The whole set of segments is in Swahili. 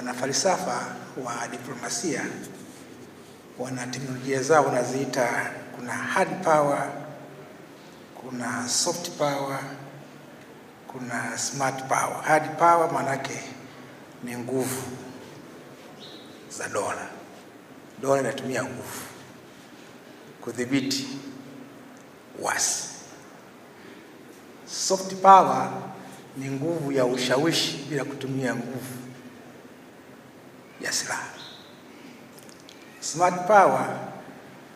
wanafalsafa wa diplomasia wana teknolojia zao wanaziita, kuna hard power, kuna soft power, kuna smart power. Hard power maanake ni nguvu za dola, dola inatumia nguvu kudhibiti wasi. Soft power ni nguvu ya ushawishi bila kutumia nguvu ya silaha. Smart power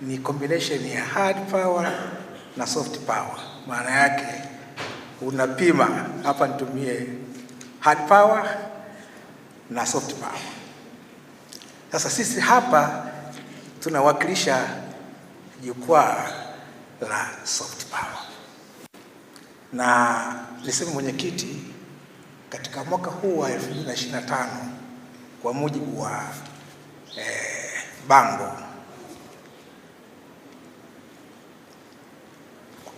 ni combination ya hard power na soft power. Maana yake unapima hapa, nitumie hard power na soft power. Sasa sisi hapa tunawakilisha jukwaa la soft power, na niseme mwenyekiti, katika mwaka huu wa 2025 kwa mujibu wa eh, bango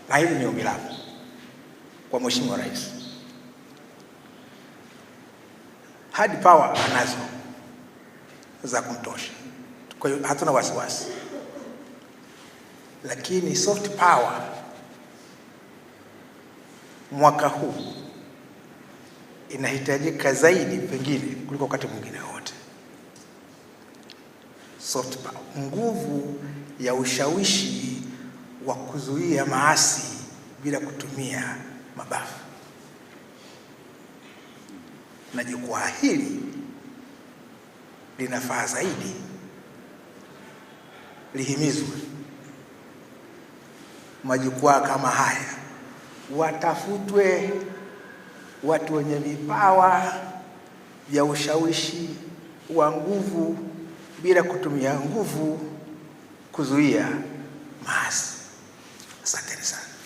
na hili ni ombi langu kwa Mheshimiwa Rais. Hard power anazo za kumtosha, kwa hiyo hatuna wasiwasi, lakini soft power mwaka huu inahitajika zaidi pengine kuliko wakati mwingine wote. Soft power, nguvu ya ushawishi wa kuzuia maasi bila kutumia mabavu, na jukwaa hili linafaa zaidi lihimizwe. Majukwaa kama haya watafutwe watu wenye vipawa vya ushawishi wa nguvu bila kutumia nguvu kuzuia maasi. Asanteni sana.